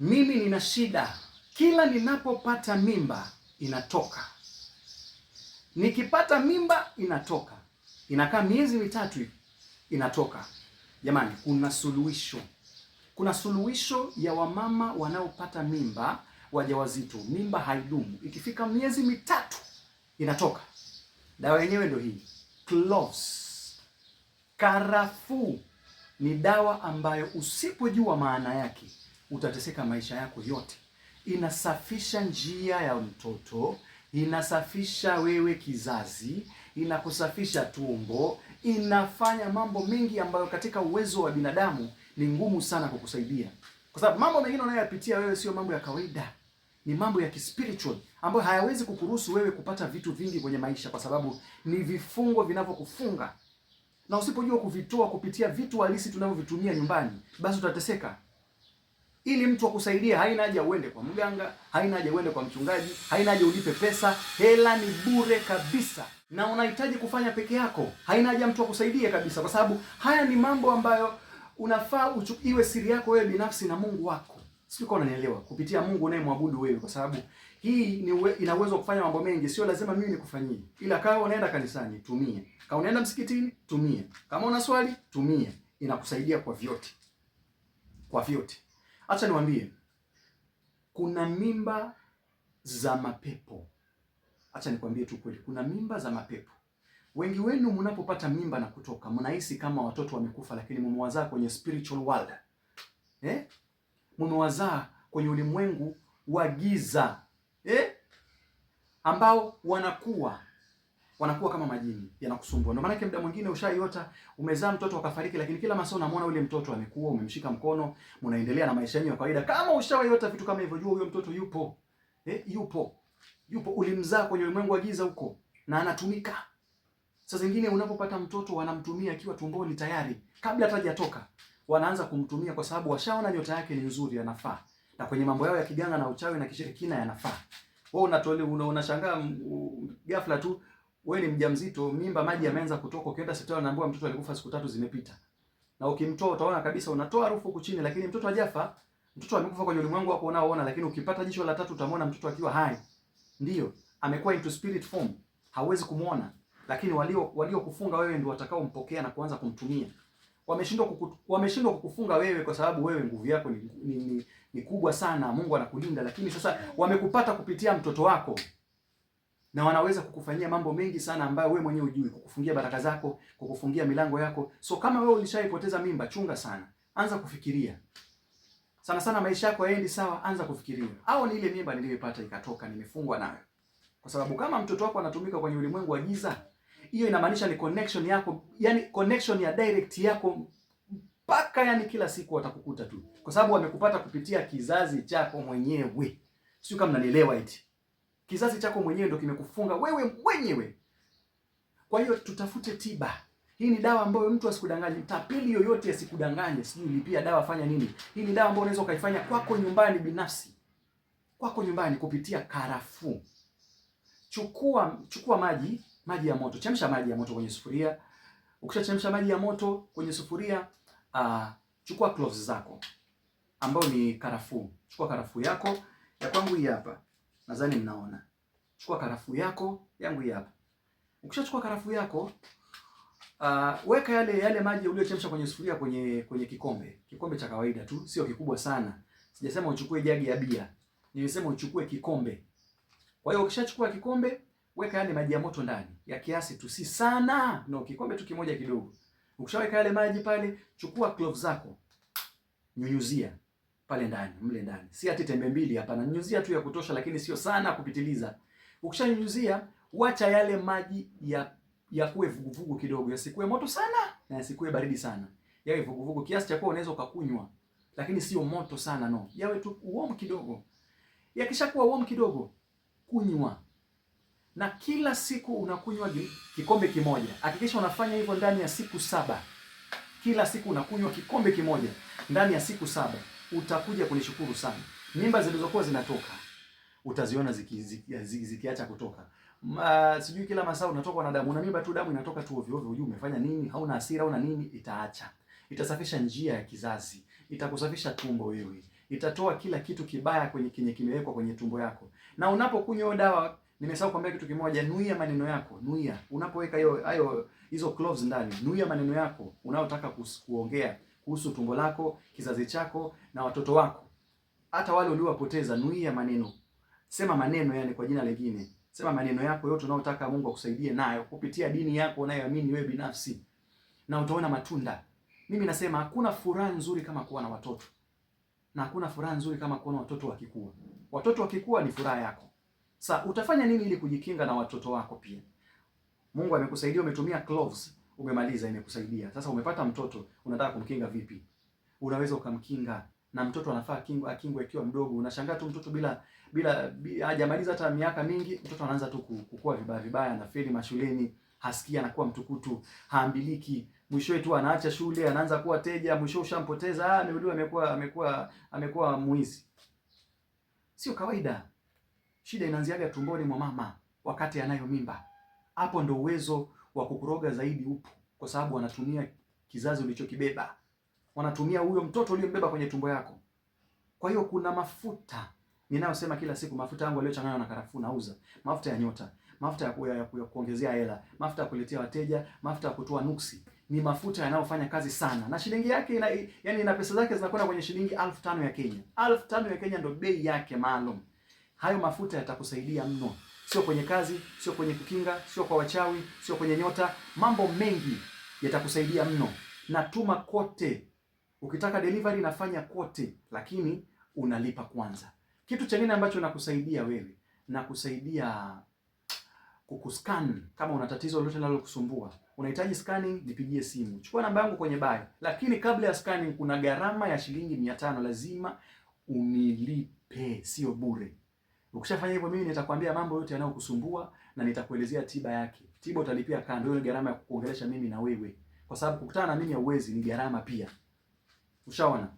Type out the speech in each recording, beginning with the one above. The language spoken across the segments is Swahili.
mimi nina shida, kila ninapopata mimba inatoka, nikipata mimba inatoka, inakaa miezi mitatu hivi inatoka. Jamani, kuna suluhisho, kuna suluhisho ya wamama wanaopata mimba wajawazito, mimba haidumu, ikifika miezi mitatu inatoka. Dawa yenyewe ndio hii cloves, karafuu. Ni dawa ambayo usipojua maana yake utateseka maisha yako yote. Inasafisha njia ya mtoto, inasafisha wewe kizazi, inakusafisha tumbo, inafanya mambo mengi ambayo katika uwezo wa binadamu ni ngumu sana kukusaidia, kwa sababu mambo mengine unayoyapitia wewe sio mambo ya kawaida, ni mambo ya kispiritual ambayo hayawezi kukuruhusu wewe kupata vitu vingi kwenye maisha, kwa sababu ni vifungo vinavyokufunga, na usipojua kuvitoa kupitia vitu halisi tunavyovitumia nyumbani, basi utateseka ili mtu akusaidie. Haina haja uende kwa mganga, haina haja uende kwa mchungaji, haina haja ulipe pesa. Hela ni bure kabisa na unahitaji kufanya peke yako. Haina haja mtu akusaidie kabisa, kwa sababu haya ni mambo ambayo unafaa iwe siri yako wewe binafsi na Mungu wako. Sijui kama unanielewa, kupitia Mungu unayemwabudu wewe, kwa sababu hii ni we, ina uwezo kufanya mambo mengi, sio lazima mimi nikufanyie. Ila kama unaenda kanisani tumie, kama unaenda msikitini tumie, kama una swali tumie, inakusaidia kwa vyote, kwa vyote. Acha niwaambie, kuna mimba za mapepo. Acha nikwambie tu kweli, kuna mimba za mapepo. Wengi wenu mnapopata mimba na kutoka, mnahisi kama watoto wamekufa, lakini mumewazaa kwenye spiritual world eh? Mumewazaa kwenye ulimwengu wa giza eh? ambao wanakuwa wanakuwa kama majini yanakusumbua. Ndio maana muda mwingine ushaiota umezaa mtoto akafariki, lakini kila masaa unamwona yule mtoto amekuwa, umemshika mkono, mnaendelea na maisha yenu ya kawaida. Kama ushaiota vitu kama hivyo, jua huyo mtoto yupo, eh, yupo, yupo, ulimzaa kwenye ulimwengu wa giza huko na anatumika. Sasa zingine unapopata mtoto wanamtumia akiwa tumboni tayari, kabla hata hajatoka wanaanza kumtumia, kwa sababu washaona nyota yake ni nzuri, anafaa na kwenye mambo yao ya kiganga na uchawi na kishirikina yanafaa. Wewe unatolea, unashangaa ghafla tu wewe ni mjamzito, mimba maji yameanza kutoka, ukienda hospitali unaambiwa mtoto alikufa siku tatu zimepita. Na ukimtoa utaona kabisa unatoa harufu huku chini lakini mtoto hajafa. Mtoto amekufa kwenye ulimwengu wako unaoona, lakini ukipata jicho la tatu utamwona mtoto akiwa hai. Ndio, amekuwa into spirit form. Hauwezi kumuona, lakini walio walio kufunga wewe ndio watakao mpokea na kuanza kumtumia. Wameshindwa kuku, wameshindwa kukufunga wewe kwa sababu wewe nguvu yako ni, ni, ni, ni kubwa sana. Mungu anakulinda, lakini sasa wamekupata kupitia mtoto wako na wanaweza kukufanyia mambo mengi sana ambayo we mwenyewe ujui, kukufungia baraka zako, kukufungia milango yako. So kama wewe ulishaipoteza mimba, chunga sana, anza kufikiria sana sana. Maisha yako yaendi sawa, anza kufikiria, au ni ile mimba niliyoipata ikatoka, nimefungwa nayo? Kwa sababu kama mtoto wako anatumika kwenye ulimwengu wa giza, hiyo inamaanisha ni connection yako, yani connection ya direct yako mpaka, yani kila siku watakukuta tu, kwa sababu wamekupata kupitia kizazi chako mwenyewe. Sio kama mnanielewa eti Kizazi chako mwenyewe ndo kimekufunga wewe mwenyewe. Kwa hiyo tutafute tiba. Hii ni dawa ambayo mtu asikudanganye, tapili yoyote asikudanganye, sijui ulipia dawa fanya nini. Hii ni dawa ambayo unaweza ukaifanya kwako nyumbani binafsi, kwako nyumbani kupitia karafuu. Chukua chukua maji maji ya moto, chemsha maji ya moto kwenye sufuria. Ukishachemsha maji ya moto kwenye sufuria, uh, chukua cloves zako ambao ni karafuu. Chukua karafuu yako, ya kwangu hii hapa Nadhani mnaona. Chukua karafuu yako, yangu hii hapa. Ukishachukua karafuu yako, uh, weka yale yale maji uliyochemsha kwenye sufuria kwenye kwenye kikombe. Kikombe cha kawaida tu, sio kikubwa sana. Sijasema uchukue jagi ya bia. Nimesema uchukue kikombe. Kwa hiyo ukishachukua kikombe, weka yale maji ya moto ndani, ya kiasi tu, si sana. No, kikombe tu kimoja kidogo. Ukishaweka yale maji pale, chukua cloves zako. Nyunyuzia pale ndani, mle ndani, si ati tembe mbili, hapana. Nyunyuzia tu ya kutosha, lakini sio sana kupitiliza. Ukishanyunyuzia, wacha yale maji ya yakuwe vuguvugu kidogo, yasikuwe moto sana na yasikuwe baridi sana, yawe vuguvugu kiasi cha kuwa unaweza ukakunywa, lakini sio moto sana, no, yawe tu warm kidogo. Yakishakuwa warm kidogo, kunywa na kila siku unakunywa kikombe kimoja. Hakikisha unafanya hivyo ndani ya siku saba. Kila siku unakunywa kikombe kimoja ndani ya siku saba utakuja kunishukuru sana. Mimba zilizokuwa zinatoka utaziona zikiacha ziki, ziki, ziki kutoka Ma, sijui kila masaa unatoka na damu, una mimba tu damu inatoka tu ovyo ovyo, hujui umefanya nini, hauna hasira una nini, itaacha itasafisha njia ya kizazi, itakusafisha tumbo wewe, itatoa kila kitu kibaya kwenye kinye kimewekwa kwenye tumbo yako. Na unapokunywa dawa, nimesahau kuambia kitu kimoja, nuia maneno yako, nuia unapoweka hiyo hayo hizo cloves ndani, nuia maneno yako unayotaka kuongea kuhusu tumbo lako, kizazi chako na watoto wako, hata wale uliowapoteza. Nuia maneno, sema maneno, yani kwa jina lingine, sema maneno yako yote unayotaka Mungu akusaidie nayo kupitia dini yako unayoamini wewe binafsi, na utaona matunda. Mimi nasema hakuna furaha nzuri kama kuwa na watoto, na hakuna furaha nzuri kama kuona watoto wakikua. Watoto wakikua ni furaha yako. Sasa utafanya nini ili kujikinga na watoto wako? Pia Mungu amekusaidia, umetumia gloves umemaliza, imekusaidia. Sasa umepata mtoto, unataka kumkinga vipi? Unaweza ukamkinga na mtoto anafaa akingwe akingwe akiwa mdogo. Unashangaa tu mtoto bila bila hajamaliza hata miaka mingi, mtoto anaanza tu kukua vibaya vibaya, anafeli mashuleni, hasikia, anakuwa mtukutu, haambiliki, mwishowe tu anaacha shule, anaanza kuwa teja, mwisho ushampoteza. Ah, amerudi amekuwa amekuwa amekuwa mwizi. Sio kawaida. Shida inaanziaga tumboni mwa mama wakati anayo mimba. Hapo ndo uwezo wa kukuroga zaidi upo, kwa sababu wanatumia kizazi ulichokibeba, wanatumia huyo mtoto uliyembeba kwenye tumbo yako. Kwa hiyo kuna mafuta ninayosema kila siku, mafuta yangu yaliyochanganywa na karafuu nauza, mafuta ya nyota, mafuta ya kuongezea hela, mafuta ya kuletea wateja, mafuta ya kutoa nuksi ni mafuta yanayofanya kazi sana na shilingi yake ina, yani ina pesa zake zinakwenda kwenye shilingi elfu tano ya Kenya. Elfu tano ya Kenya ndio bei yake maalum. Hayo mafuta yatakusaidia mno sio kwenye kazi, sio kwenye kukinga, sio kwa wachawi, sio kwenye nyota. Mambo mengi yatakusaidia mno. Natuma kote, ukitaka delivery nafanya kote, lakini unalipa kwanza. Kitu cha nini ambacho nakusaidia wewe, nakusaidia kukuscan. Kama una tatizo lolote linalokusumbua, unahitaji scanning, nipigie simu, chukua namba yangu kwenye bio. Lakini kabla ya scanning, kuna gharama ya shilingi 500 lazima unilipe, sio bure. Ukishafanya hivyo, mimi nitakwambia mambo yote yanayokusumbua na nitakuelezea tiba yake. Tiba utalipia kando, hiyo gharama ya kukuongelesha mimi na wewe, kwa sababu kukutana na mimi hauwezi, ni gharama pia. Ushaona?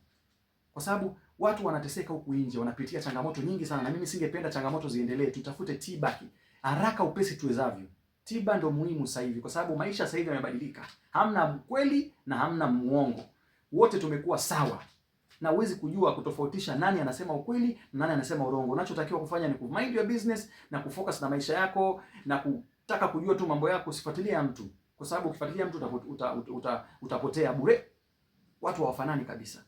Kwa sababu watu wanateseka huku nje, wanapitia changamoto nyingi sana, na mimi singependa changamoto ziendelee. Tutafute tiba haraka upesi tuwezavyo. Tiba ndo muhimu sasa hivi, kwa sababu maisha sasa hivi yamebadilika, hamna mkweli na hamna muongo, wote tumekuwa sawa na huwezi kujua kutofautisha nani anasema ukweli na nani anasema urongo. Unachotakiwa kufanya ni kumind your business na kufocus na maisha yako na kutaka kujua tu mambo yako, usifuatilie ya mtu, kwa sababu ukifuatilia mtu utapotea uta, uta, uta, uta bure. Watu hawafanani kabisa.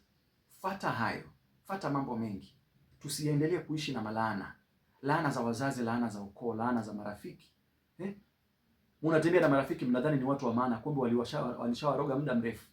Fata hayo, fata mambo mengi. Tusiendelee kuishi na malaana, laana za wazazi, laana za ukoo, laana za marafiki eh? Unatembea na marafiki mnadhani ni watu wa maana, kumbe walishawaroga muda mrefu.